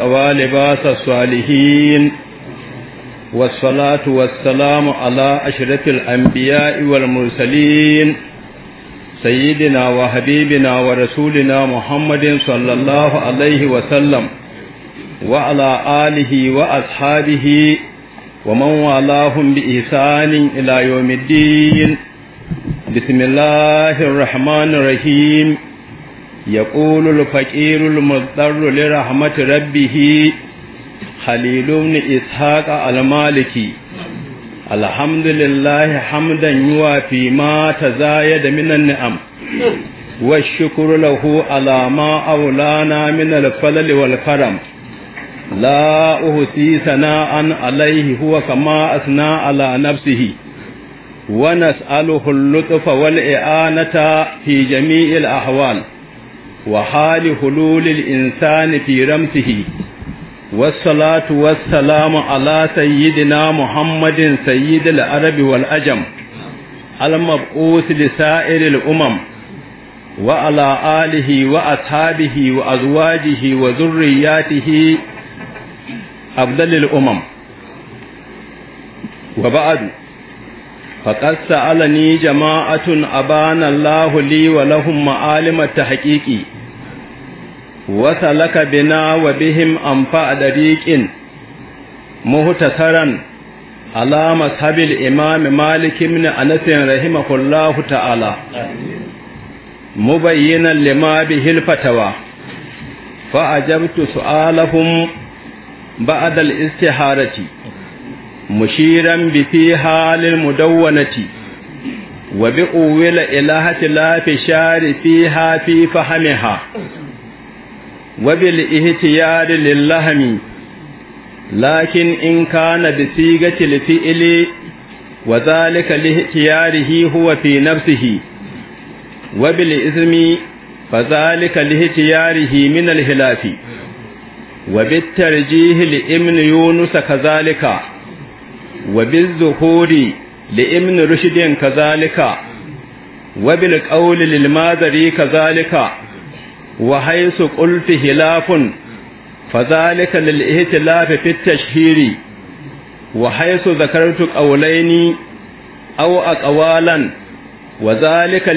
ولباس الصالحين والصلاة والسلام على أشرف الأنبياء والمرسلين سيدنا وحبيبنا ورسولنا محمد صلى الله عليه وسلم وعلى آله وأصحابه ومن والاهم بإحسان إلى يوم الدين بسم الله الرحمن الرحيم يقول الفقير المضطر لرحمة ربه خليل بن إسحاق المالكي الحمد لله حمدا يوافي ما تزايد من النعم والشكر له على ما أولانا من الفضل والكرم لا أهسي ثناء عليه هو كما أثنى على نفسه ونسأله اللطف والإعانة في جميع الأحوال وحال حلول الإنسان في رمسه والصلاة والسلام على سيدنا محمد سيد العرب والأجم المبعوث لسائر الأمم وعلى آله وأصحابه وأزواجه وذرياته أفضل الأمم وبعد faƙar sa'alani jama'atun abanan lahuli wa lahun ma'alimar ta haƙiƙi, wasa laka wa bihim amfa a ɗariƙin, muhutasaran alama sabil imami malikin na anasin rahimahullahu ta'ala, mubayyinan lima limabi hilfatawa. fa'ajabtu su'alahun ba'adal istiharati. mushiran bi fi halil mudawwanati wa bi uwila ilahati la fi shari fiha fi fahamiha wa bil ihtiyar lil lahmi lakin in kana bi sigati li fi'li wa dhalika li ihtiyarihi huwa wa bil ismi fa dhalika li ihtiyarihi min al wa bit tarjih li ibn yunus wa bizuhuri li ibn rushdin kazalika wa bil qawli lil madari kazalika wa haythu qultu hilafun fadhalika lil ihtilaf fi at-tashhiri wa haythu dhakartu qawlaini aw aqwalan wa zalika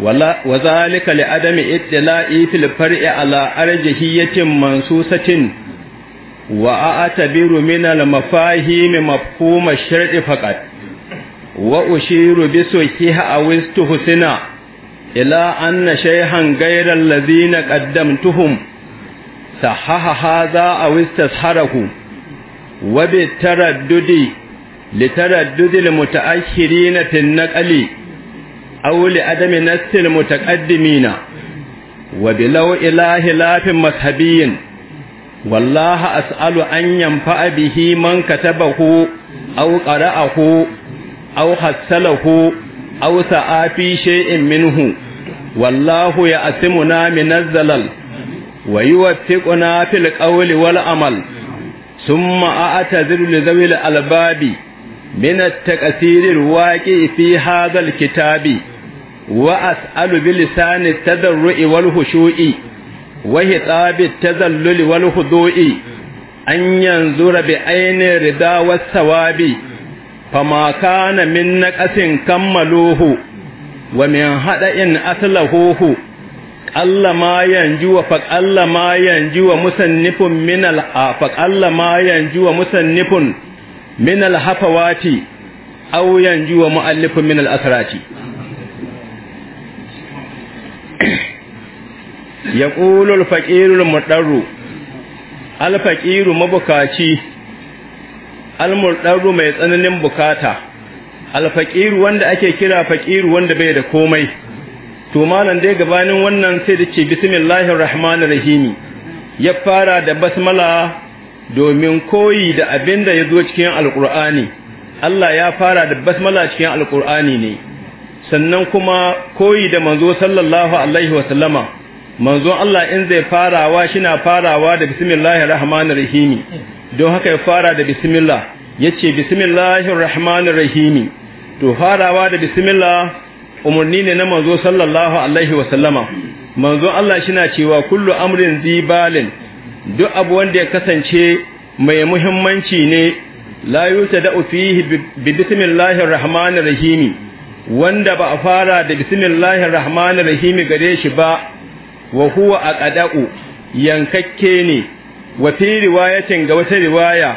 wa zalika li adami ittila'i fil far'i ala arjahiyatin mansusatin wa a'tabiru min al mafahim mafhum ash-shar'i faqat wa ushiru bi suhiha aw istuhsina ila anna shayhan ghayra alladhina qaddamtuhum sahaha hadha aw istasharahu wa bi taraddudi litaraddudi al muta'akhirina fi naqli أو لعدم نس المتقدمين وبلو إله لاف مذهبي والله أسأل أن ينفع به من كتبه أو قرأه أو حسله أو سعى في شيء منه والله يأسمنا من الزلل ويوفقنا في القول والعمل ثم أعتذر لذوي الألباب من التكثير الواقع في هذا الكتاب wa as'alu bi lisani tadarru'i wal khushu'i wa hitabi tazalluli wal khudu'i an yanzura bi aini rida was fama kana min naqasin kammaluhu wa min hada'in aslahuhu Allah ma yanju wa ma yanju wa musannifun minal a faƙalla ma yanju wa musannifun minal hafawati au yanju asrati ya ƙulul faƙirul muɗarru alfaƙiru mabukaci almurɗarru mai tsananin bukata alfaƙiru wanda ake kira faƙiru wanda bai da komai to malam dai gabanin wannan sai da ce bismillahir rahmanir rahimi ya fara da basmala domin koyi da abinda ya zo cikin alƙur'ani Allah ya fara da basmala cikin alƙur'ani ne sannan kuma koyi da manzo sallallahu alaihi wa sallama manzo Allah in zai farawa shina farawa da bismillahir rahmanir rahim don haka ya fara da bismillah yace bismillahir rahmanir rahim to farawa da bismillah umurni ne na manzo sallallahu alaihi wa sallama manzo Allah shina cewa kullu amrin zibalin duk abu wanda ya kasance mai muhimmanci ne la yuta da fihi bi bismillahir rahmanir rahim wanda ba a fara da bismillahir rahmanir rahim gare shi ba wa huwa aqadau yankakke ne wa fi riwayatin ga wata riwaya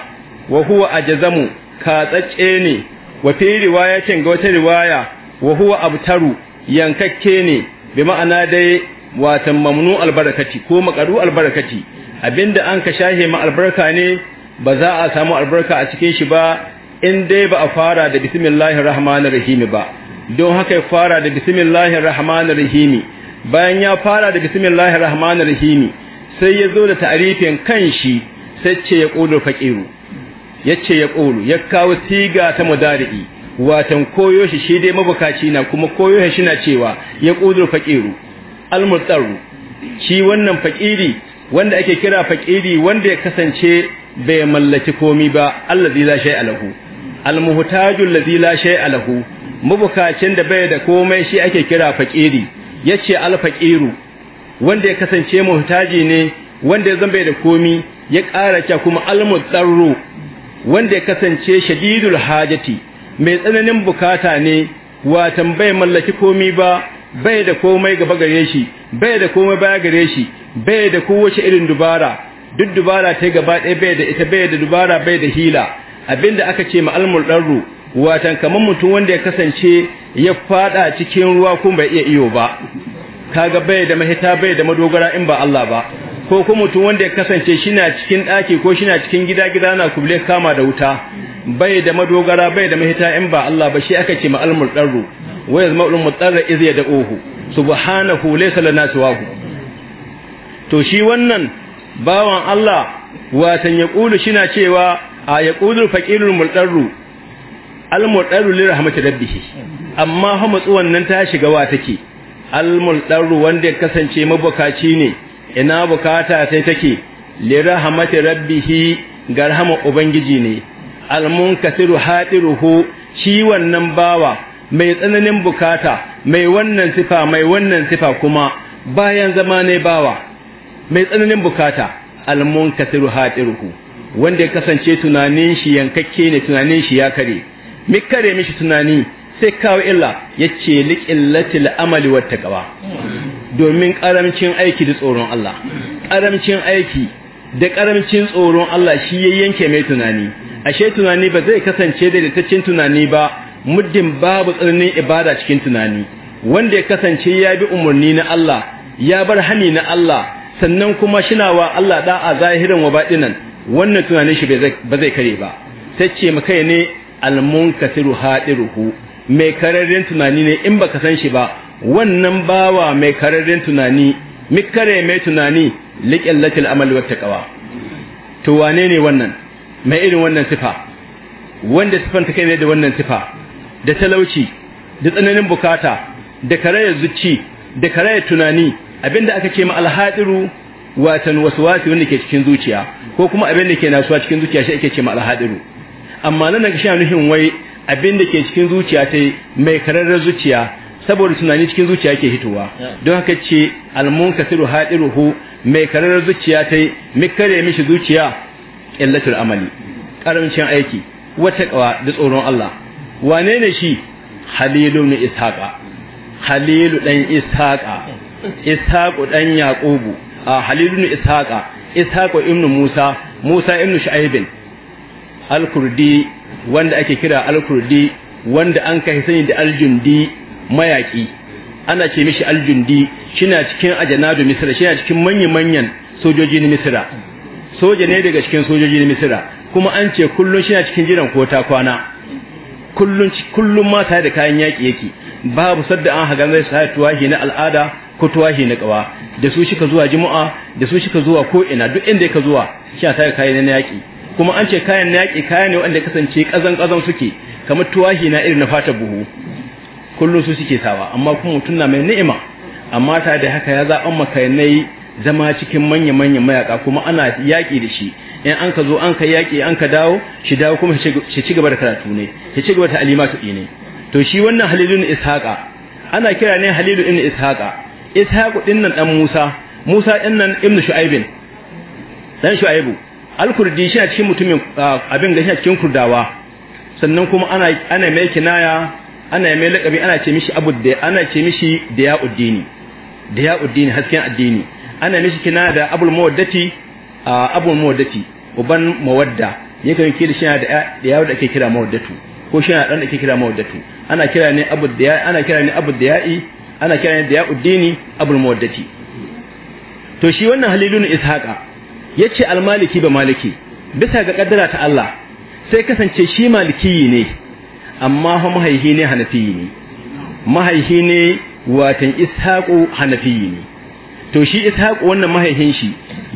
wa huwa ajzamu katsacce ne wa fi riwayatin ga wata riwaya wa huwa abtaru yankakke ne bi ma'ana dai watan mamnu albarakati ko makaru albarakati abinda an ka shahe ma albarka ne ba za a samu albarka a cikin shi ba in dai ba a fara da bismillahir rahmanir rahim ba don haka ya fara da bismillahir rahmanir rahim bayan ya fara da bismillahir rahmanir rahim sai ya zo da ta'arifin kanshi sai ce ya kulu faqiru yace ya kulu ya kawo siga ta mudari'i watan koyo shi shi dai mabukaci na kuma koyo shi na cewa ya kulu faqiru almuttaru shi wannan faqiri wanda ake kira faqiri wanda ya kasance bai mallaki komi ba allazi la shay'a lahu almuhtajul ladhi la shay'a lahu mabukacin da bai da komai shi ake kira fakiri yace alfaqiru wanda ya kasance muhtaji ne wanda ya bai da komi ya ƙara cewa kuma almudarru wanda ya kasance shadidul hajati mai tsananin bukata ne watan bai mallaki komi ba bai da komai gaba gare shi bai da komai baya gare shi bai da kowace irin dubara duk dubara ta gaba ɗaya bai da ita bai da dubara bai da hila abinda aka ce ma almudarru watan kamar mutum wanda ya kasance ya fada cikin ruwa kuma bai iya iyo ba kaga bai da mahita bai da madogara in ba Allah ba ko kuma mutum wanda ya kasance shina cikin daki ko shina cikin gida gida na kubule kama da wuta bai da madogara bai da mahita in ba Allah ba shi aka ce ma almuldarru wa yazma'ul mutarra iz yad'uhu subhanahu laysa lana siwahu to shi wannan bawan Allah watan yaqulu shina cewa a yaqulu faqilul muldarru almuldaru li rahmati rabbihi amma ha matsuwan nan ta shiga wa take almuldaru wanda kasance mabukaci ne ina bukata sai take li rahmati rabbihi ga rahama ubangiji ne almunkasiru hadiruhu shi wannan bawa mai tsananin bukata mai wannan sifa mai wannan sifa kuma bayan zama ne bawa mai tsananin bukata almunkasiru hadiruhu wanda ya kasance tunanin shi yankakke ne tunanin shi ya kare mi kare mishi tunani sai kawo illa ya ce, liƙin latil amali wata gaba," domin ƙaramcin aiki da tsoron Allah Ƙaramcin aiki da ƙaramcin tsoron Allah shi ya yanke mai tunani ashe tunani ba zai kasance da litaccen tunani ba muddin babu tsananin ibada cikin tunani wanda ya kasance ya bi umarni na Allah ya bar hani na Allah sannan kuma shinawa Allah a zahirin wa badinan wannan tunanin shi ba zai kare ba ce mu kai ne almunkasiru hadiruhu mai kararren tunani ne in baka san shi ba wannan bawa mai kararren tunani mikare mai tunani liqillatil amal wa taqwa to wane ne wannan mai irin wannan sifa wanda sifan take ne da wannan sifa da talauci da tsananin bukata da karaya zuci da karaya tunani abinda aka ce ma alhadiru watan waswasi wanda ke cikin zuciya ko kuma abinda da ke nasuwa cikin zuciya shi ake ce ma alhadiru amma nan shi nufin wai abin da ke cikin zuciya ta mai kararrar zuciya saboda tunani cikin zuciya yake hitowa don haka ce almunkasiru hadiruhu mai kararrar zuciya ta mi kare mishi zuciya illatul amali karamcin aiki wata kawa da tsoron Allah wane ne shi halilu ne ishaqa halilu dan ishaqa ishaqu dan yaqubu ah, halilu ne ishaqa ishaqu ibnu musa musa ibnu shaibin al-kurdi wanda ake kira al-kurdi wanda an kai sani da al-jundi mayaki ana ce mishi al-jundi shina cikin ajanadu misra shina cikin manyan manyan sojoji na misira soja ne daga cikin sojoji na misra kuma an ce kullun shina cikin jiran ko kwana kullun kullun ma tare da kayan yaki yake babu sadda an haga zai sa tuwahi na al'ada ko tuwahi na kawa da su shika zuwa juma'a da su shika zuwa ko ina duk inda yake zuwa shi ta kayan yaki kuma an ce kayan na yaƙi kayan ne wanda kasance ƙazan ƙazan suke kamar tuwahi na irin na fata buhu kullum su suke sawa amma kuma mutum na mai ni'ima amma ta da haka ya zaɓan makayanai zama cikin manya-manyan mayaka kuma ana yaƙi da shi in an ka zo an ka yaƙi an ka dawo shi dawo kuma shi ci gaba da karatu ne shi ci gaba da alimatu ne to shi wannan halilu ne ishaqa ana kira ne halilu ibn ishaqa ishaqu din nan dan musa musa din nan ibn shu'aibin dan shu'aibu Alkurdi shi a cikin mutumin abin gashi a cikin kurdawa sannan kuma ana ana mai kinaya ana mai lakabi ana ce mishi abu da ana ce mishi ya uddini hasken addini ana mishi kinaya da abul mawaddati abul mawaddati uban mawadda kan kira shi da ya da ake kira mawaddatu ko shi dan da ake kira mawaddatu ana kira ne abu da ana kira ne abu ya'i ana kira ne uddini abul mawaddati to shi wannan halilun ishaqa yace almaliki ba maliki bisa ga kaddara ta Allah sai kasance shi maliki ne amma fa mahaihi ne hanafi ne mahaihi ne watan ishaqu hanafi ne to shi ishaqu wannan mahaihin shi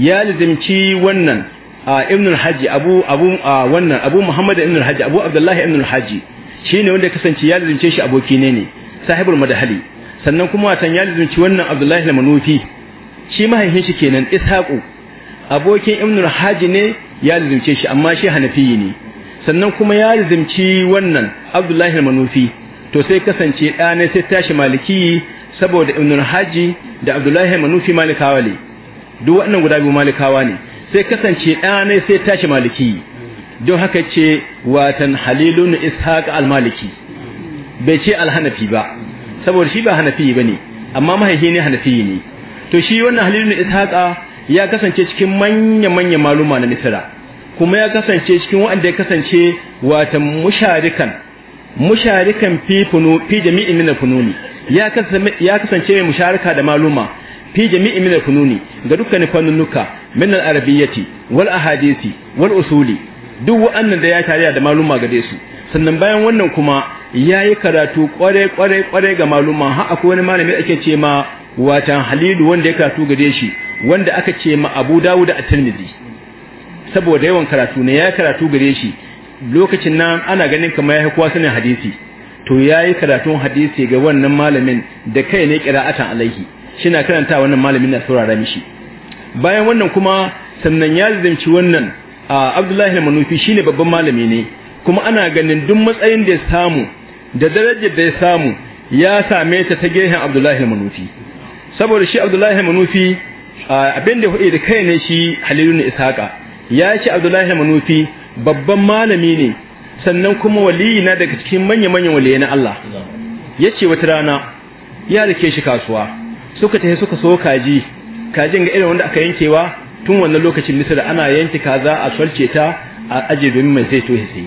ya lazimci wannan a al abu abu wannan abu muhammad ibnul haji abu abdullahi ibnul haji shine wanda kasance ya lazimce shi aboki ne ne sahibul madahali sannan kuma watan ya lazimci wannan abdullahi al-manufi shi mahaihin shi kenan ishaqu abokin imnul haji ne ya lizimce shi amma shi hanafiyi ne sannan kuma ya lizimci wannan abdullahi manufi to sai kasance ɗane sai tashi maliki saboda imnul haji da abdullahi manufi malikawa ne duk wannan guda biyu malikawa ne sai kasance ɗane sai tashi maliki don haka ce watan halilun ishaq al-maliki bai ce alhanafi ba saboda shi ba hanafi ne amma mahaifi ne hanafi ne to shi wannan halilun ishaq ya kasance cikin manya manya maluma na misira kuma ya kasance cikin waɗanda ya kasance wata musharikan musharikan fi funu fi jami'in min fununi ya kasance ya kasance mai musharaka da maluma fi jami'in min fununi ga dukkan fannunuka min al-arabiyyati wal ahadisi wal usuli duk waɗannan da ya tare da maluma ga dai su sannan bayan wannan kuma yayi karatu kware kware kware ga maluma har akwai wani malami ake ce ma Wata halilu wanda ya karatu gare shi wanda aka ce ma abu dawud a tirmidhi saboda yawan karatu ne ya karatu gare shi lokacin nan ana ganin kamar ya kowa sanin hadisi to yayi karatun hadisi ga wannan malamin da kai ne kira'atan alaihi shina karanta wannan malamin na saurara mishi bayan wannan kuma sannan ya zanci wannan Abdullahi al-Manufi shine babban malami ne kuma ana ganin duk matsayin da ya samu da darajar da ya samu ya same ta ta gehen Abdullahi manufi saboda shi abdullahi manufi abin ya hudu da kai ne shi halilun ishaqa ya ce abdullahi manufi babban malami ne sannan kuma waliyi na daga cikin manya-manyan waliyai na Allah ya ce wata rana ya rike shi kasuwa suka tafi suka so kaji kajin ga irin wanda aka yankewa tun wannan lokacin misira ana yanki kaza a salce ta a aje domin mai zai tohe sai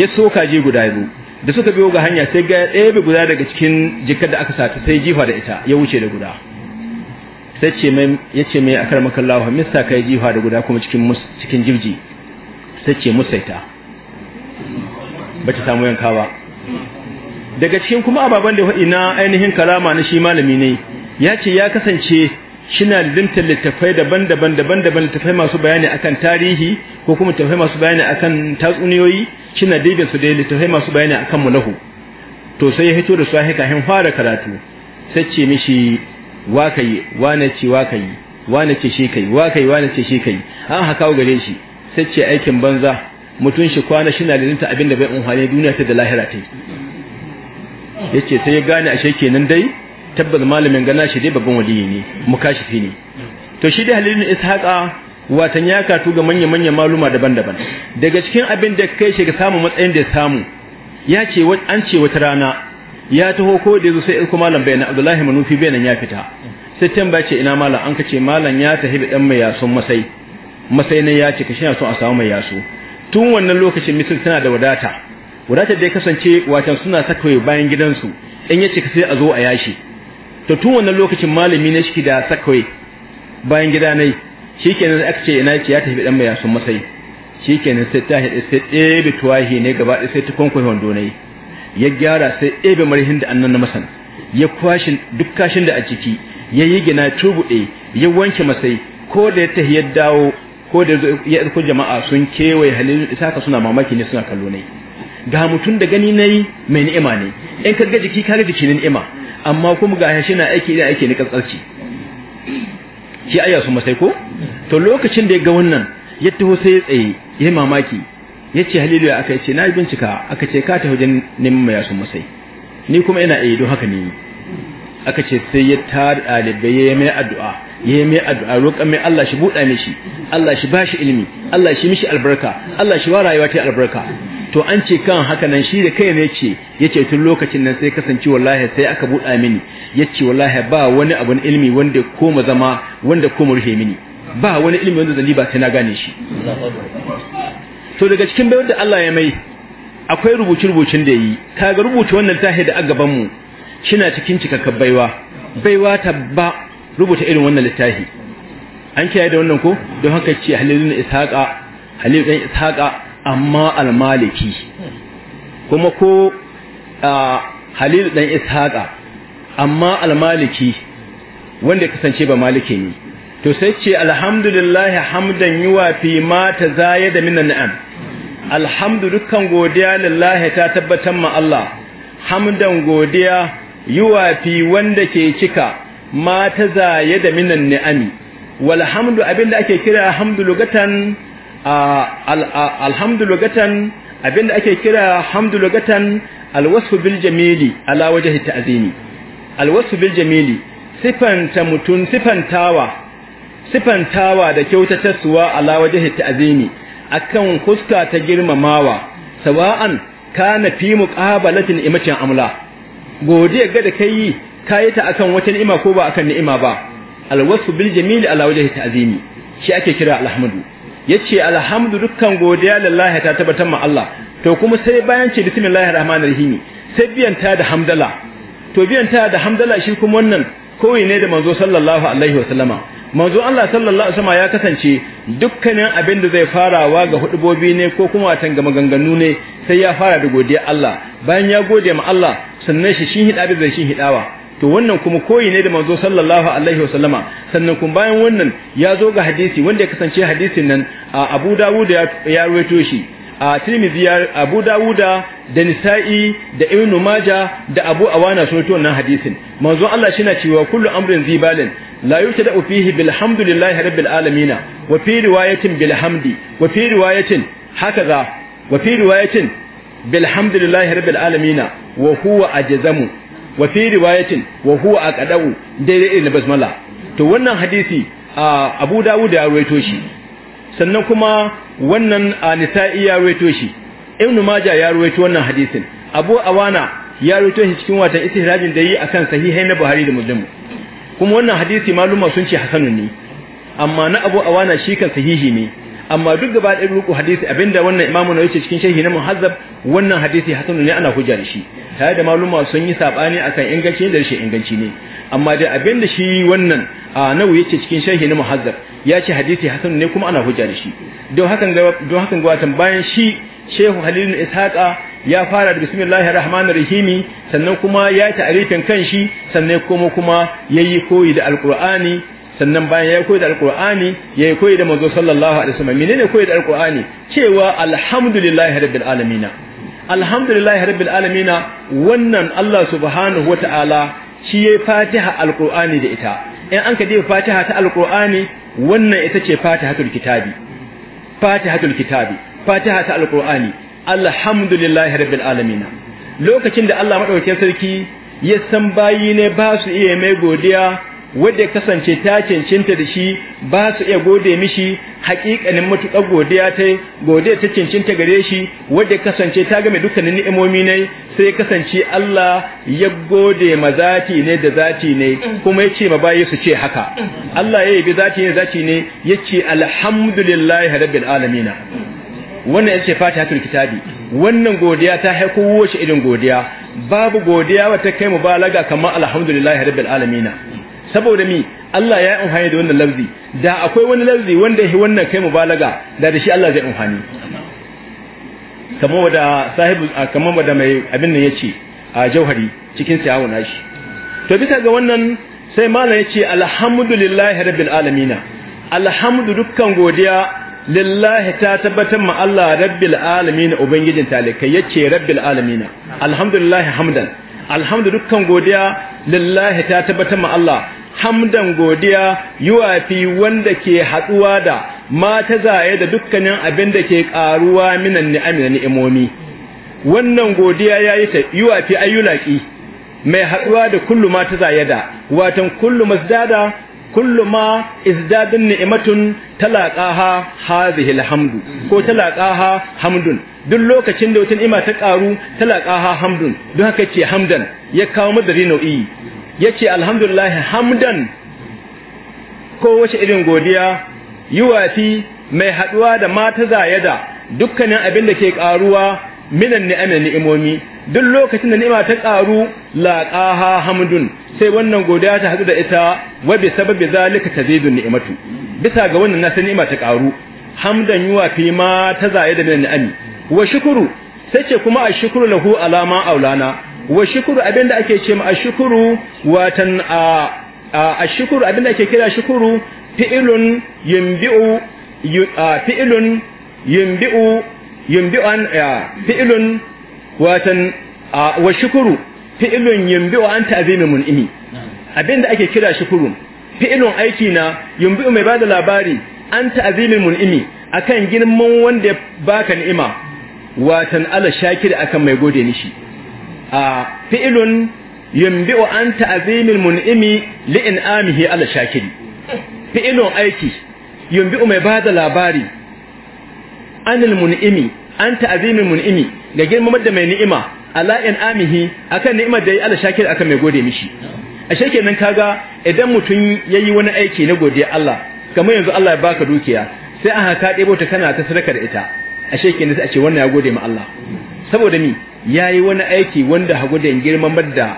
ya so kaji guda biyu da suka biyo ga hanya sai ga ɗaya guda daga cikin jikar da aka sata sai jifa da ita ya wuce da guda sai ce mai yace mai akar makallahu mista kai jiha da guda kuma cikin cikin jibji sai ce musaita bata samu yanka ba daga cikin kuma ababen da faɗi na ainihin kalama na shi malami ne ya ce ya kasance shina limtar littafai daban-daban daban-daban littafai masu bayani akan tarihi ko kuma littafai masu bayani akan tatsuniyoyi shina dibin su da littafai masu bayani akan mulahu to sai ya hito da su haka hin fara karatu sai ce mishi wa wane ce wa wane ce shi kai wa wane ce shi kai an haka gare shi sai ce aikin banza mutun shi kwana shi na da abin da bai amfani duniya ta da lahira ta yace sai ya gane ashe kenan dai tabbas malamin gana shi dai babban waliyi ne mu mukashifi ne to shi dai halilun ishaqa watan ya katu ga manya manyan maluma daban-daban daga cikin abin da kai shi ga samu matsayin da ya samu ya an ce wata rana ya taho ko da yazo sai kuma malam bai na Abdullahi Manufi bai nan ya fita sai tamba ce ina malam an kace malam ya tafi bi dan mai yasun masai masai ne ya ce kashi ya so a samu mai yaso tun wannan lokacin misir tana da wadata Wadata da ya kasance wacan suna sakawa bayan gidansu in ya cika sai a zo a yashi to tun wannan lokacin malami ne shiki da sakawa bayan gida ne shikenan aka ce ina ce ya tafi dan mai yasun masai shikenan sai ta hade sai ɗebe tuwahi ne gaba ɗaya sai ta kwankwaye wando ne ya gyara sai ebe marihin da annan na masan ya kwashi duk kashin da a ciki ya yi gina tubuɗe ya wanke masai ko da ya tahi dawo ko da ya jama'a sun kewaye halin isa suna mamaki ne suna kallo ne ga mutum da gani nayi mai ni'ima ne in ka ga jiki kare jiki ni'ima amma kuma ga shi na aiki idan aiki ne kasarci shi ayya su masai ko to lokacin da ya ga wannan ya taho sai ya tsaye ya mamaki yace halilu ya aka yace na bincika aka ce ka ta wajen neman mai yasun masai ni kuma ina iya eh, don haka ne aka ce sai ya tar dalibai ya yi mai addu'a ya yi mai addu'a roƙon mai Allah shi buɗa mishi Allah shi ba shi ilimi Allah shi mishi albarka Allah shi wa rayuwa ta albarka to an ce kan haka nan shi da kai ne ce ya ce tun lokacin nan sai kasance wallahi sai aka buɗa mini ya ce wallahi ba wani abun ilimi wanda koma zama wanda koma rufe mini ba wani ilimi wanda zan ba sai na gane shi to daga cikin bayar da Allah ya mai akwai rubuce-rubucin da yi kaga rubuta wannan tahi da a gabanmu mu shina cikin cikakkar baiwa baiwa ta ba rubuta irin wannan littafi an kiyaye da wannan ko don haka ce halilun ishaqa halil dan ishaqa amma al kuma ko halil dan ishaqa amma al-maliki wanda kasance ba maliki ne to sai ce alhamdulillah hamdan yuwa fi ma da minan na'am alhamdu dukkan godiya lillahi ta tabbatar ma Allah hamdan godiya yuwafi wanda ke cika ma ta zaye da minan ni'ami walhamdu abinda ake kira hamdu lugatan alhamdu lugatan abinda ake kira hamdu lugatan alwasfu bil jamili ala wajhi ta'zimi alwasfu bil jamili sifanta mutun sifantawa sifantawa da kyautatarsuwa ala wajhi ta'zimi akan fuska ta girmamawa sawa'an kana fi muqabalatin imatin amla godiya ga da kai kai ta akan wata ni'ima ko ba akan ni'ima ba alwasu bil jamil ala wajhi ta'zimi shi ake kira alhamdu yace alhamdu dukkan godiya lillahi ta tabbatar ma Allah to kuma sai bayan ce bismillahir rahmanir rahim sai biyan ta da hamdala to biyan ta da hamdala shi kuma wannan koyi ne da manzo sallallahu alaihi wasallama manzo Allah sallallahu alaihi wasallam ya kasance dukkanin abin da zai farawa ga hudubobi ne ko kuma watan maganganu ne sai ya fara da godiya Allah bayan ya gode ma Allah sannan shi shi hida zai shi hidawa to wannan kuma koyi ne da manzo sallallahu alaihi wasallama sannan kuma bayan wannan ya zo ga hadisi wanda ya kasance hadisin nan Abu Dawud ya rawaito shi a Tirmidhi Abu Dawuda da Nisa'i da Ibn Majah da Abu Awana sun to wannan hadisin manzo Allah shi na cewa kullu amrin zibalin la yutada fihi bilhamdulillahi rabbil alamin wa fi riwayatin bilhamdi wa fi riwayatin hakaza wa fi riwayatin bilhamdulillahi rabbil alamin wa huwa ajzamu wa fi riwayatin wa huwa aqdau daidai da basmala to wannan hadisi Abu Dawud ya rawaito shi sannan kuma wannan a nisa'i ya ruwaito shi ibnu maja ya ruwaito wannan hadisin abu awana ya ruwaito shi cikin watan istihrajin da yi akan sahihai na buhari da muslim kuma wannan hadisi maluma sun ce hasanun ne amma na abu awana shi kan sahihi ne amma duk gaba da ruku hadisi abinda wannan imamu na yace cikin shahi na muhazzab wannan hadisi hasanun ne ana hujja da shi tare da maluma sun yi sabani akan inganci da rashin inganci ne amma da abinda shi wannan a nawu yace cikin sharhi na muhazzab ya ce hadisi hasan ne kuma ana hujja da shi don hakan ga don hakan ga watan bayan shi shehu halil ishaqa ya fara da bismillahir rahmanir rahim sannan kuma ya ta'arifin kanshi sannan kuma kuma yayi koyi da alqur'ani sannan bayan ya koyi da alqur'ani yayi koyi da manzo sallallahu alaihi wasallam menene koyi da alqur'ani cewa alhamdulillahi rabbil alamin alhamdulillahi rabbil alamin wannan Allah subhanahu wataala shi yayi fatiha alqur'ani da ita in an ka je fatiha ta alqur'ani wannan ita ce fatihatul kitabi fatihatul kitabi fatiha ta alqur'ani alhamdulillah rabbil alamin lokacin da Allah madaukakin sarki ya san bayi ne ba su iya mai godiya wanda ya kasance ta cancanta da shi ba su iya gode mishi hakikanin matuƙar godiya ta godiya ta cancanta gare shi Wadda ya kasance ta game dukkanin ni'imomi ne sai kasance Allah ya gode ma zati ne da zati ne kuma ya ce ma bayi su ce haka Allah ya yabi zati ne zati ne ya ce alhamdulillahi rabbil alamin wannan ya fata fatihatul kitabi wannan godiya ta haiko wace irin godiya babu godiya ta kai mubalaga kamar alhamdulillahi rabbil alamin saboda mi Allah ya yi amfani da wannan lafzi da akwai wani lafzi wanda ya wannan kai mubalaga da da shi Allah zai umhani kamar wada sahibu kamar wada mai abin nan yace a jauhari cikin sayawu nashi to bisa ga wannan sai malam yace alhamdulillahi rabbil alamin alhamdu dukkan godiya lillahi ta tabbatar ma Allah rabbil alamin ubangijin talikai yace rabbil alamin alhamdulillahi hamdan alhamdu dukkan godiya lillahi ta tabbatar ma Allah hamdan godiya yuwafi wanda ke haɗuwa da mata zaye da dukkanin abin da ke karuwa minan ni'amina ni'imomi wannan godiya yayi ta yuwafi ayyulaki mai haɗuwa da kullu ma ta zaye da watan kullu masdada kullu ma izdadin ni'matun talaqaha hazihi alhamdu ko talaqaha hamdun duk lokacin da wata ni'ima ta karu talaqaha hamdun don haka ce hamdan ya kawo madari nau'i yace alhamdulillah hamdan ko wace irin godiya yuwafi mai haduwa da mata da dukkanin abin da ke karuwa minan ni'amin ni'imomi duk lokacin da ni'ima ta karu laqaha hamdun sai wannan godiya ta hadu da ita wa bi sababi zalika tazidu ni'imatu bisa ga wannan na ni'ima ta karu hamdan yuwafi mata zaya zayada minan ni'ami wa shukuru sai ce kuma ashkuru lahu alama aulana wa shukuru abinda ake ce ma ashkuru watan a ashkuru abinda ake kira shukuru fi'ilun yumbi'u fi'ilun yambi'u an fi'ilun watan wa shukuru fi'ilun yambi'u an ta'zimi mun'imi abinda ake kira shukuru fi'ilun aiki na yambi'u mai bada labari an ta'zimi mun'imi akan girman wanda baka ni'ima watan ala shakir akan mai gode ni shi fi'ilun yambi'u an ta'zimil mun'imi li'in amihi ala shakiri fi'ilun aiki yambi'u mai bada labari anil mun'imi an ta'zimil mun'imi ga girmamar da mai ni'ima ala in'amihi akan ni'imar da yi ala shakiri akan mai gode mishi ashe nan kaga idan mutum yayi wani aiki na godiya Allah kamar yanzu Allah ya baka dukiya sai a ka ɗebo ta kana ta sadaka da ita ashe ne sai a ce wannan ya gode ma Allah saboda ni Ya yi wani aiki wanda hagu da girmamar da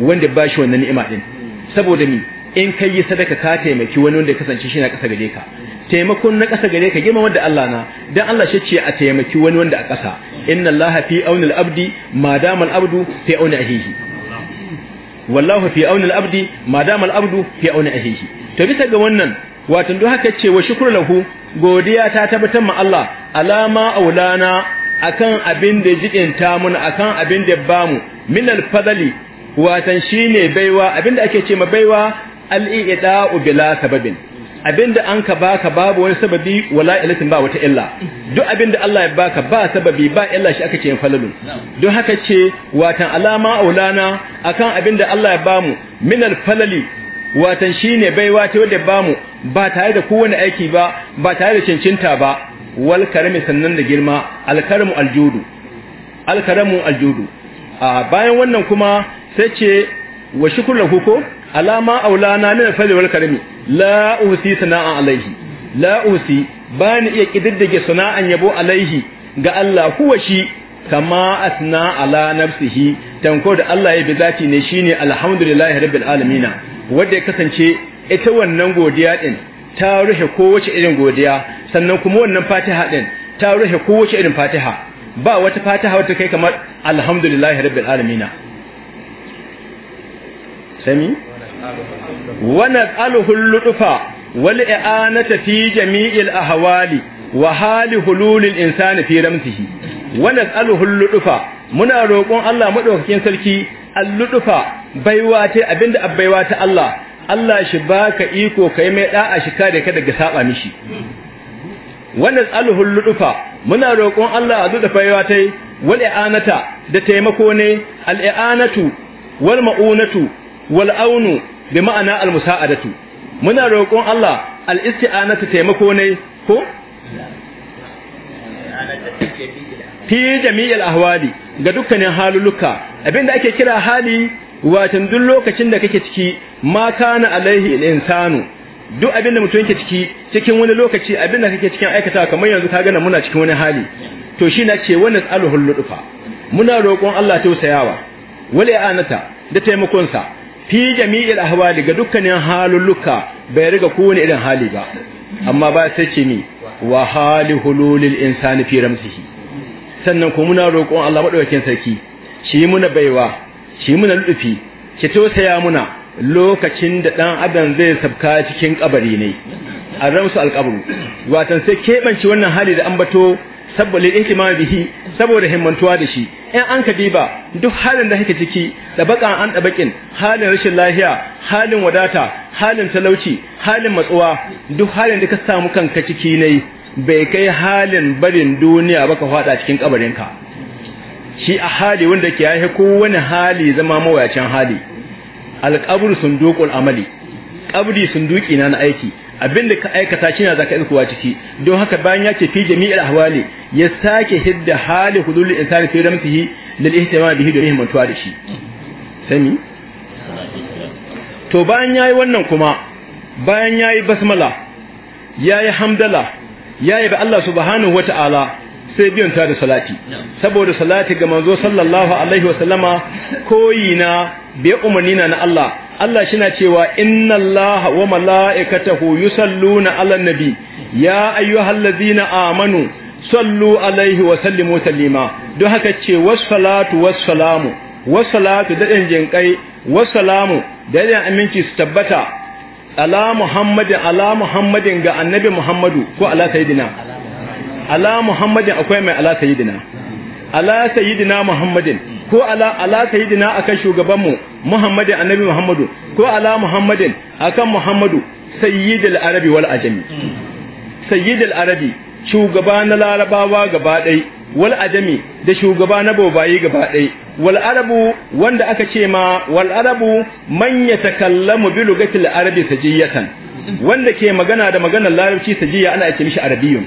wanda ba shi wannan ni'ima din saboda ni in kai yi sadaka ka taimaki wani wanda ya kasance shi na ƙasa gare ka taimakon na ƙasa gare ka girman wanda Allah na dan Allah shi ce a taimaki wani wanda a ƙasa inna Allah fi aunil abdi ma dama abdu fi auni ahihi wallahu fi aunil abdi ma dama abdu fi auni ahihi to bisa ga wannan wato don haka ce wa shukru lahu godiya ta tabbatar ma Allah alama aulana akan abin da jidinta mun akan abin da mu min al-fadli watan shine baiwa abin da ake ce ma baiwa al-i'da'u bila sababin abin da an ka baka babu wani sababi wala ilatin ba wata illa duk abin da Allah ya baka ba sababi ba illa shi aka ce falalun don haka ce watan alama aulana akan abin da Allah ya bamu min al-falali watan shine baiwa ta wanda bamu ba tare da kowane aiki ba ba tare da cincinta ba wal karami sannan da girma al karamu al judu al bayan wannan kuma sai ce wa shukruhu ko alama aulana min na wal karami la usi sana'a alaihi la usi bani iya kididdige sana'an yabo alaihi ga Allah huwa shi kama asna ala nafsihi tanko da Allah ya bi zati ne shine alhamdulillahi rabbil alamin wanda ya kasance ita wannan godiya din ta rufe kowace irin godiya sannan kuma wannan fatiha din ta rufe kowace irin fatiha ba wata fatiha wata kai kamar alhamdulillahi rabbil alamin sami wa nas'aluhu al-lutfa wal i'anata fi jami'il ahwali wa hali hululil insani fi ramzihi wa nas'aluhu al-lutfa muna roƙon Allah madaukakin sarki al-lutfa baiwa ta abinda baiwa ta Allah Allah shi baka iko kai mai da'a shi kare ka daga saba mishi wannan tsaluhun ludufa muna roƙon Allah a ta faiwa tai wal i'anata da taimako ne al i'anatu wal ma'unatu wal aunu bi ma'ana al musa'adatu muna roƙon Allah al isti'anatu taimako ne ko fi jami'il ahwali ga dukkanin haluluka abinda ake kira hali watan duk lokacin da kake ciki ma kana alaihi al insanu duk abin da mutum yake ciki cikin wani lokaci abin da kake cikin aikata kamar yanzu ka gana muna cikin wani hali to shi na ce wani tsaluhul ludufa muna roƙon Allah tausayawa wala anata da taimakonsa sa fi jami'il ahwali ga dukkanin halulluka bai riga kowane irin hali ba amma ba sai ce ni wa hali hululil insani fi ramsihi sannan ko muna roƙon Allah madaukakin sarki shi muna baiwa shi muna ludufi ki tausaya muna lokacin da ɗan adam zai sabka cikin ƙabari ne a ramsu alƙabaru watan sai keɓance wannan hali da ambato saboda ihtimam bihi saboda himmantuwa da shi in an ka diba duk halin da kake ciki dabakan an ɗabaƙin halin rashin lafiya halin wadata halin talauci halin matsuwa duk halin da ka samu kanka ciki ne bai kai halin barin duniya ba ka faɗa cikin kabarinka shi a hali wanda ke yahe ko wani hali zama mawayacin hali alqabru sunduqul amali qabri sunduki na na aiki abinda ka aikata shi na zaka irkuwa ciki don haka bayan ya fi jami'il ahwali ya sake hidda hali hudul insani fi ramsihi lil ihtimam bihi da mutuwa da shi sani to bayan yayi wannan kuma bayan yayi basmala yayi hamdala yayi ba Allah subhanahu wata'ala sai biyan ta da salati saboda salati ga manzo sallallahu alaihi wasallama na. bai umarni na Allah Allah na cewa inna Allah wa mala'ikatahu yusalluna ala nabi ya na amanu sallu alaihi wa sallimu sallima don haka ce wasu salatu wassalatu daɗin jinƙai aminci su tabbata ala muhammadin ala muhammadin ga annabi muhammadu ko ala sayidina ala muhammadin akwai mai ala sayidina ala sayidina muhammadin ko ala ala sayyidina akan mu Muhammadu annabi Muhammadu ko ala Muhammadin akan Muhammadu sayyidul arabi wal ajami sayyidul arabi shugaba na larabawa gaba dai wal ajami da shugaba na bobayi gaba dai wal arabu wanda aka ce ma wal arabu man yatakallamu bi lugatil arabi sajiyatan wanda ke magana da maganar larabci sajiya ana ce mishi arabiyun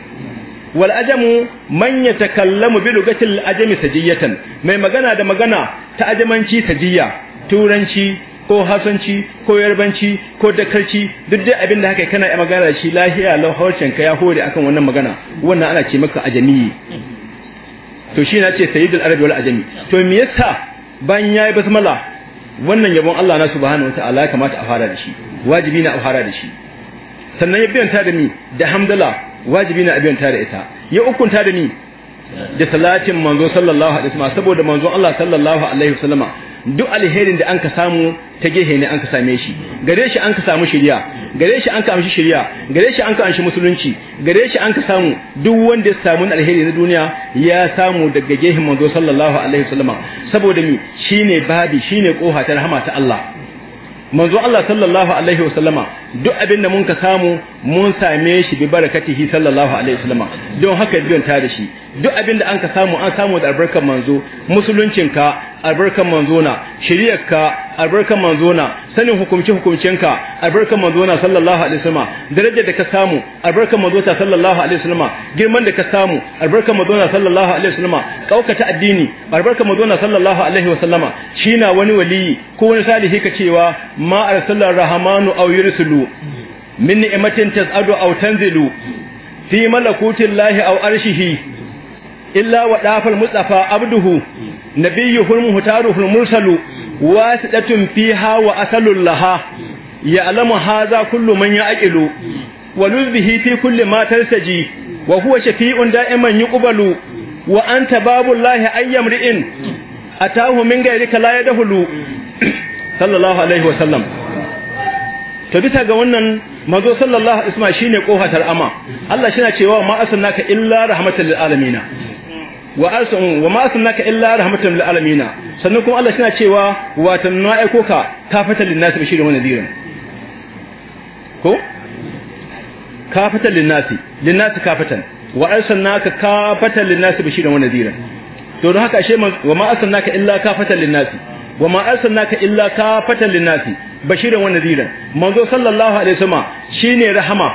wal ajamu man yatakallamu bi lugatil ajami sajiyatan mai magana da magana ta ajamanci sajiya turanci ko hasanci ko yarbanci ko dakarci duk dai abin da haka kana yi magana da shi lahiya lau harshen ka ya hore akan wannan magana wannan ana ce maka ajami to shi na ce sayyidul arabi wal ajami to me yasa ban yayi basmala wannan yabon Allah na subhanahu wa ta'ala ya kamata a fara da shi wajibi na a fara da shi sannan ya biyan ta da ni da hamdala wajibi na abin tare ita ya ukunta da ni da salatin manzo sallallahu alaihi wasallam saboda manzo Allah sallallahu alaihi wasallama duk alherin da anka samu ta gehe ne anka same shi gare shi anka samu shari'a gare shi anka amshi shari'a gare shi anka amshi musulunci gare shi anka samu duk wanda ya samu alheri na duniya ya samu daga gehen manzo sallallahu alaihi wasallama saboda ni shine babi shine koha ta rahama ta Allah manzo Allah sallallahu alaihi wasallama duk abinda mun ka samu mun same shi bi barakatihi sallallahu alaihi wasallama don haka biyan ta da shi duk abinda an ka samu an samu da albarkar manzo musuluncinka albarkar manzo na shari'arka albarkar manzo na sanin hukumce hukuncinka albarkar manzo na sallallahu alaihi wasallama darajar da ka samu albarkar manzo ta sallallahu alaihi wasallama girman da ka samu albarkar manzo na sallallahu alaihi wasallama kaukata addini albarkar manzo na sallallahu alaihi wasallama shi na wani waliyi ko wani salihi ka cewa ma arsalar rahamanu aw yursulu min ni'matin tas'adu aw tanzilu fi malakutin lahi aw arshihi illa wa dafal mustafa abduhu nabiyyuhul muhtaruhul mursalu wasidatun fiha wa asalul laha ya'lamu hadha kullu man ya'qilu wa luzbihi fi kulli ma taltaji wa huwa shafi'un da'iman yuqbalu wa anta babullahi ayyamri'in atahu min gairika da yadhulu sallallahu alaihi wa sallam to bisa ga wannan mazo sallallahu isma shine kofatar ama Allah shine cewa ma asnaka illa rahmatan lil alamin wa asun wa ma asnaka illa rahmatan lil alamin sannan kuma Allah shine cewa wa tanna aiko ka fata lin nasi bashirin wa nadirin ko fata lin nasi lin nasi fata wa arsalnaka fata lin nasi bashirin wa nadirin to don haka ashe wa ma arsalnaka illa kafatan linnasi wa ma arsalnaka illa kafatan linnasi bashiran wa nadiran manzo sallallahu alaihi wasallam shine rahama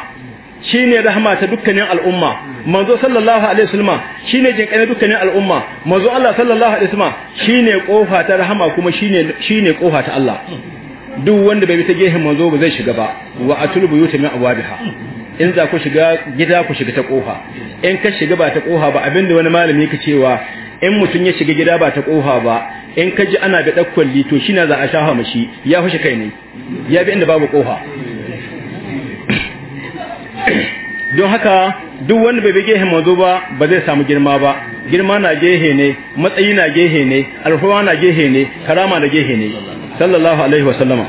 shine rahama ta dukkanin al'umma manzo sallallahu alaihi wasallam shine jinkan dukkanin al'umma manzo Allah sallallahu alaihi wasallam shine kofa ta rahama kuma shine shine kofa ta Allah duk wanda bai bi ta gehen manzo ba zai shiga ba wa atul buyuta min awabiha in za ku shiga gida ku shiga ta kofa in ka shiga ba ta kofa ba abinda wani malami yake cewa in mutum ya shiga gida ba ta kofa ba in ka ji ana ga kwalli to shi na za a shafa mashi ya fashe kai ne ya bi inda babu kofa don haka duk wanda bai bege gehe manzo ba ba zai samu girma ba girma na gehe ne matsayi na gehe ne alfawa na gehe ne karama na gehe ne sallallahu alaihi wasallama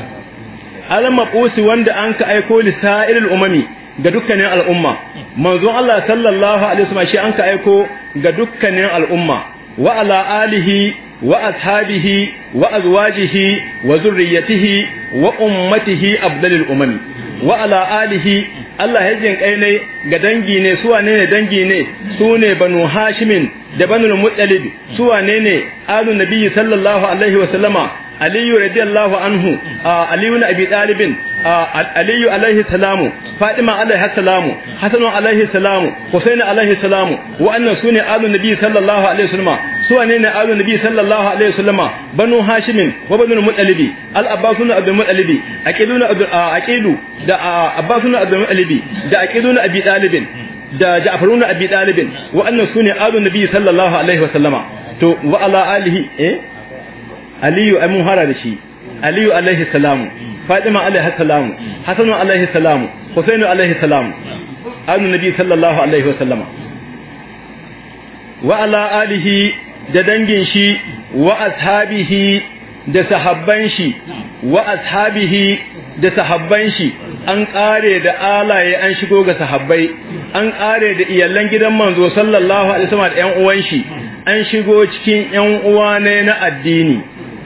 alam maqusi wanda an ka aiko lisa'ilil umami ga dukkanin al'umma manzon Allah sallallahu alaihi wasallam shi an ka aiko ga dukkanin al'umma وعلى آله وأصحابه wa وذريته وأمته أفضل الأمم وعلى آله Allah ya jin kai ne ga dangi ne su wane ne dangi ne su ne banu hashimin da banu muttalib su wane ne alu nabi sallallahu alaihi wa sallama aliyu radiyallahu anhu aliyu abi aliyu alaihi salamu fatima alaihi salamu hasan alaihi salamu husaini alaihi salamu wa'annan sune alun nabi sallallahu alaihi wasallam su ne ne alun nabi sallallahu alaihi wasallam banu hashimin wa banu mutalibi al abbasun abdul mutalibi aqiduna aqidu da abbasun abdul mutalibi da aqiduna abi talibin da ja'faruna abi sune alun nabi sallallahu alaihi to wa ala alihi eh aliyu ai mun fara da shi aliyu alaihi salamu fatima alaihi salamu hasanu alaihi salamu husainu alaihi salamu nabi sallallahu alaihi sallama wa ala alihi da dangin shi wa ashabihi da sahabban shi wa ashabihi da sahabban shi an kare da alaye an shigo ga sahabbai an kare da iyalan gidan manzo sallallahu alaihi wa sallama da ƴan uwan shi an shigo cikin ƴan uwa ne na addini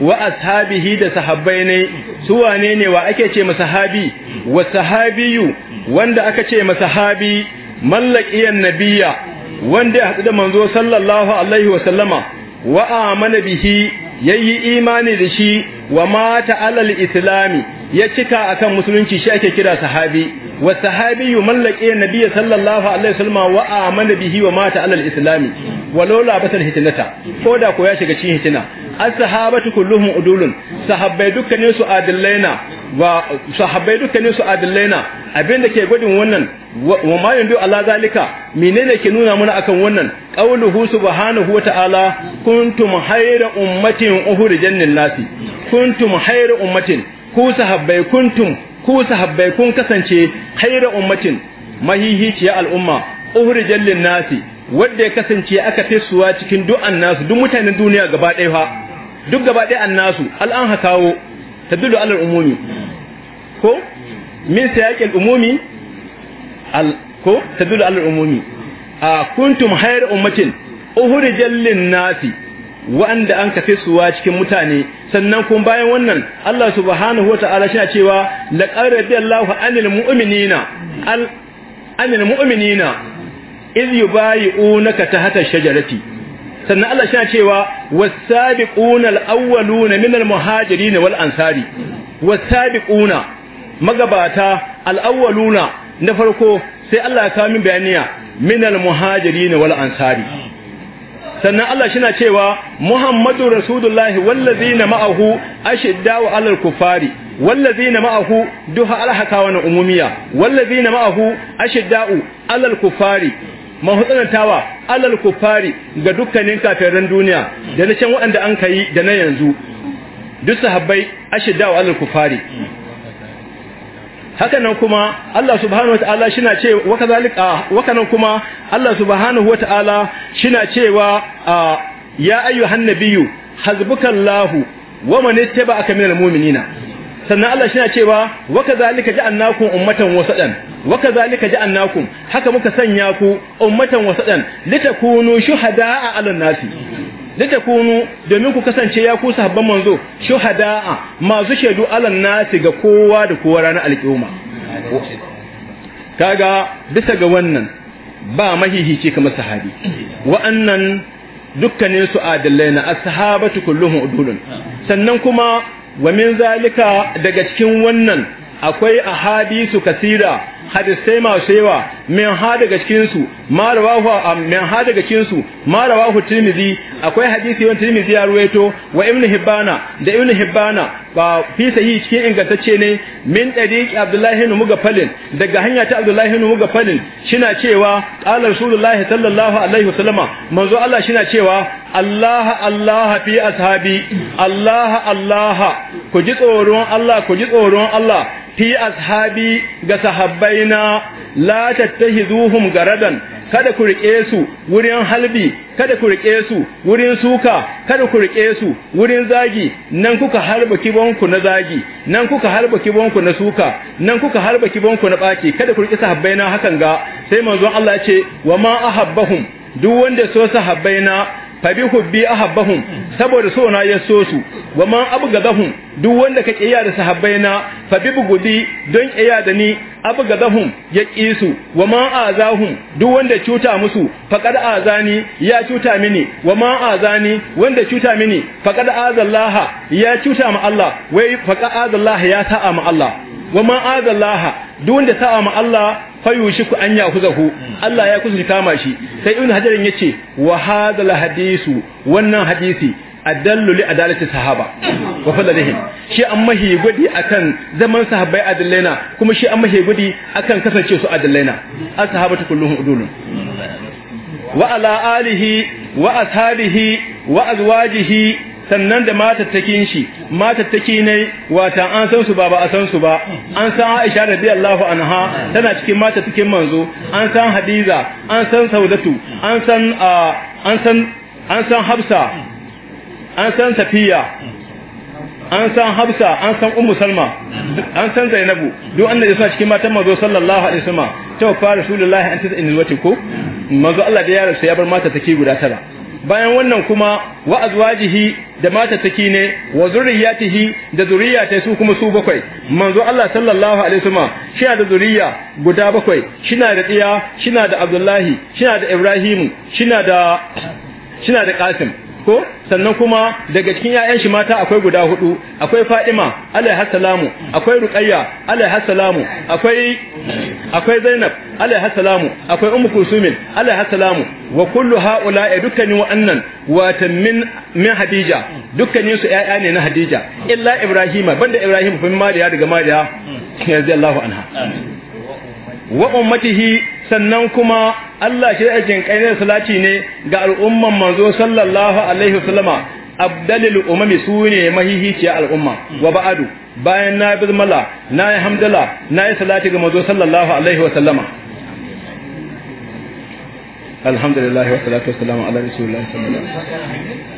wa ashabihi da sahabbai ne su wane ne wa ake ce masahabi wa sahabiyu wanda aka ce masahabi mallakiyan nabiyya wanda ya haɗu da manzo sallallahu alaihi wa sallama wa amana bihi yayi imani da shi wa mata alal islami ya cika akan musulunci shi ake kira sahabi wa sahabiyu mallakiyan nabiyya sallallahu alaihi wa sallama wa amana bihi wa mata alal islami walau la batal hitinata ko da ko ya shiga cikin hitina as-sahabatu kulluhum udulun sahabbai dukkanin su adillaina wa sahabbai dukkanin su adillaina abinda ke gudun wannan wa ma yandu ala zalika menene ke nuna mana akan wannan qauluhu subhanahu wata'ala kuntum hayra ummatin ukhrijan lin-nasi kuntum hayra ummatin ku sahabbai kuntum ku sahabbai kun kasance hayra ummatin mahihiciya al'umma ukhrijan lin-nasi wanda ya kasance aka fesuwa cikin du'an nasu duk mutanen duniya gaba ɗaya fa duk gaba ɗaya annasu al'an ha kawo tadullu alal umumi ko min sayaqil umumi ko ta tadullu alal umumi a kuntum hayar ummatin uhurijal jallin nasi wa'anda an kafe suwa cikin mutane sannan kun bayan wannan Allah subhanahu wata'ala shi cewa laqad radiyallahu anil mu'minina al anil mu'minina iz yubayi'unaka tahta shajarati sannan Allah shi cewa والسابقون الأولون من المهاجرين والأنصار والسابقون مغباتا الأولون نفرقو سي الله كامل بيانيا من المهاجرين والأنصار sannan Allah shina cewa Muhammadu Rasulullahi wallazina ma'ahu ashiddau 'alal kufari wallazina ma'ahu duha alhaka wa umumiya wallazina ma'ahu ashiddau 'alal kufari mahutsanantawa alal kufari ga dukkanin kafirin duniya da na can waɗanda an kayi da na yanzu duk sahabbai wa alal kufari hakanan kuma Allah subhanahu wata'ala shina ce wa kazalika ah, wakanan kuma Allah subhanahu wata'ala shina cewa ah, ya ayyuhan nabiyyu hazbukallahu wa man ittaba'aka minal mu'minina sannan Allah shi na cewa waka zalika ja'annakum ummatan wasadan waka zalika ja'annakum haka muka sanya ku ummatan wasadan litakunu shuhada'a 'alan nasi litakunu domin ku kasance ya ku sahabban manzo shuhada'a masu shaidu 'alan nasi ga kowa da kowa ranar alƙiyama kaga bisa ga wannan ba mahihici kamar sahabi wa'annan dukkanin su adalai na ashabatu kulluhum udulun sannan kuma wa min zalika daga cikin wannan akwai ahadisu kasira hadisai masu yawa min ha daga cikin su ma rawahu min ha daga cikin su ma rawahu tirmidhi akwai hadisi wanda tirmidhi ya ruwaito wa ibnu hibbana da ibnu hibbana ba fi sahihi cikin ingantacce ne min tariq abdullahi ibn mugafalin daga hanya ta abdullahi ibn mugafalin shina cewa qala rasulullah sallallahu alaihi wasallama manzo Allah shina cewa Allah Allah fi ashabi Allah Allah ku ji tsoron Allah ku ji tsoron Allah fi ashabi ga sahabbaina la tattahizuhum garadan kada ku rike su wurin halbi kada ku rike su wurin suka kada ku rike su wurin zagi nan kuka harba kibonku na zagi nan kuka harba kibonku na suka nan kuka harba kibonku na baki kada ku rike sahabbaina hakan ga sai manzon Allah ya ce wa ma ahabbahum duk wanda so sahabbaina fabi hubbi ahabbahum saboda so na ya so su wa man abgadahum duk wanda ka kiyaye da sahabbaina fabi bugudi don kiyaye da ni abgadahum ya kisu wa man azahum duk wanda cuta musu faqad azani ya cuta mini wa man azani wanda cuta mini faqad azallaha ya cuta ma Allah wai faqad azallaha ya sa'a ma Allah wa man azallaha duk wanda sa'a ma Allah fayushiku an zahu. Allah ya kusa kama shi sai ibn hajar ya wa hadal hadisu wannan hadisi adallu li adalati sahaba wa fadlihim shi an mahi gudi akan zaman sahabbai adallaina kuma shi an mahi gudi akan kasance su adallaina ashabatu sahabatu kulluhum udulun wa ala alihi wa ashabihi wa azwajihi sannan da matattakin shi matattaki ne wata an san su ba ba a san su ba an san Aisha radiyallahu anha tana cikin matattakin manzo an san Hadiza an san Saudatu an san an san an san Hafsa an san Safiya an san Hafsa an san Ummu Salma an san Zainabu duk annabi suna cikin matan manzo sallallahu alaihi wasallam ta fa rasulullahi an tasa in ko manzo Allah da ya rasu ya bar mata take guda tara bayan wannan kuma wa azwajihi da matattaki ne wa zurriyatihi da zuriyata su kuma su bakwai manzo Allah sallallahu alaihi wasallam shi da zuriya guda bakwai shina da shi shina da Abdullahi shina da Ibrahim shina da shina da Qasim ko sannan kuma daga cikin ƴaƴan shi mata akwai guda hudu akwai Fadima alaiha salamu akwai Ruqayya alaiha salamu akwai akwai Zainab alaiha salamu akwai Ummu Kulsum alaiha salamu wa kullu haula dukkanin wa'annan wata min min Hadija dukkanin su ƴaƴa ne na Hadija illa Ibrahima banda Ibrahim fa Mariya daga Mariya radiyallahu anha wa ummatihi sannan kuma Allah shi kai ne salati ne ga al'umman manzo sallallahu alaihi wasallama abdalil umami sune mahihiciya al'umma wa ba'adu bayan na bizmala na yi hamdala na yi salati ga manzo sallallahu alaihi wasallama alhamdulillah wa salatu wassalamu ala rasulillah sallallahu alaihi wasallam